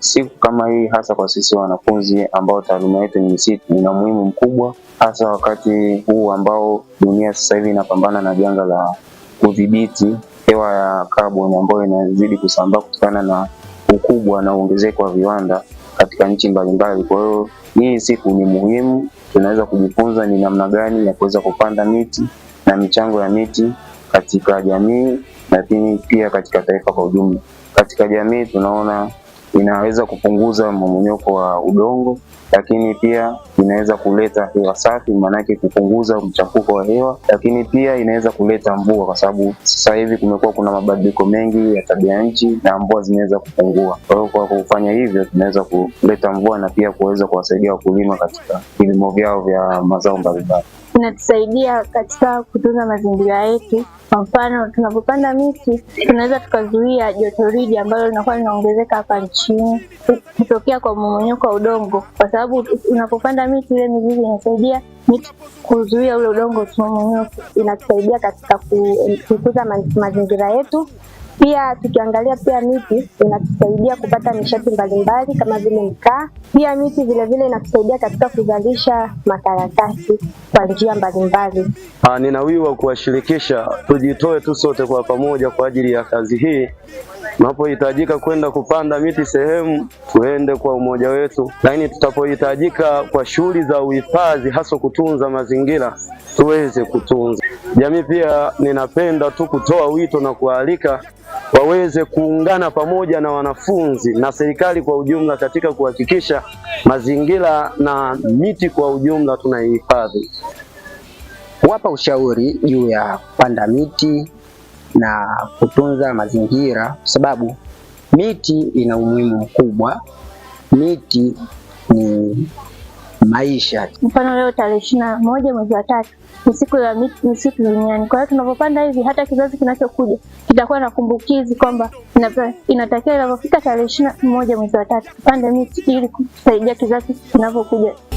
Siku kama hii hasa kwa sisi wanafunzi ambao taaluma yetu ni misitu ina umuhimu mkubwa, hasa wakati huu ambao dunia sasa hivi inapambana na janga la kudhibiti hewa ya kaboni ambayo inazidi kusambaa kutokana na ukubwa na uongezeko wa viwanda katika nchi mbalimbali. Kwa hiyo hii siku ni muhimu, tunaweza kujifunza ni namna gani ya kuweza kupanda miti na michango ya miti katika jamii, lakini pia katika taifa kwa ujumla. Katika jamii tunaona inaweza kupunguza mmomonyoko wa udongo, lakini pia inaweza kuleta hewa safi, maanake kupunguza mchafuko wa hewa, lakini pia inaweza kuleta mvua, kwa sababu sasa hivi kumekuwa kuna mabadiliko mengi ya tabia nchi na mvua zinaweza kupungua. Kwa hiyo kwa kufanya hivyo, tunaweza kuleta mvua na pia kuweza kuwasaidia wakulima katika vilimo vyao vya mazao mbalimbali inatusaidia katika kutunza mazingira yetu. Kwa mfano, tunapopanda miti tunaweza tukazuia jotoridi ambalo linakuwa linaongezeka hapa nchini kutokea kwa mmomonyoko wa udongo, kwa sababu unapopanda miti vizuri, kile mizizi inasaidia kuzuia ule udongo tumonyoke, inatusaidia katika kukuza mazingira yetu pia tukiangalia pia miti inatusaidia kupata nishati mbalimbali kama vile mkaa. Pia miti vilevile inatusaidia katika kuzalisha makaratasi kwa njia mbalimbali. Ah, Ninawiwa kuwashirikisha, tujitoe tu sote kwa pamoja kwa ajili ya kazi hii. Tunapohitajika kwenda kupanda miti sehemu, tuende kwa umoja wetu, lakini tutapohitajika kwa shughuli za uhifadhi, hasa kutunza mazingira, tuweze kutunza jamii. Pia ninapenda tu kutoa wito na kualika waweze kuungana pamoja na wanafunzi na serikali kwa ujumla katika kuhakikisha mazingira na miti kwa ujumla tunaihifadhi. Kuwapa ushauri juu ya kupanda miti na kutunza mazingira, kwa sababu miti ina umuhimu mkubwa. Miti ni maisha. Mfano leo tarehe ishirini na moja mwezi wa tatu ni siku ya misitu duniani. Kwa hiyo tunapopanda hivi, hata kizazi kinachokuja kitakuwa na kumbukizi kwamba inatakiwa inapofika tarehe ishirini na moja mwezi wa tatu tupande miti ili kusaidia kizazi kinavyokuja.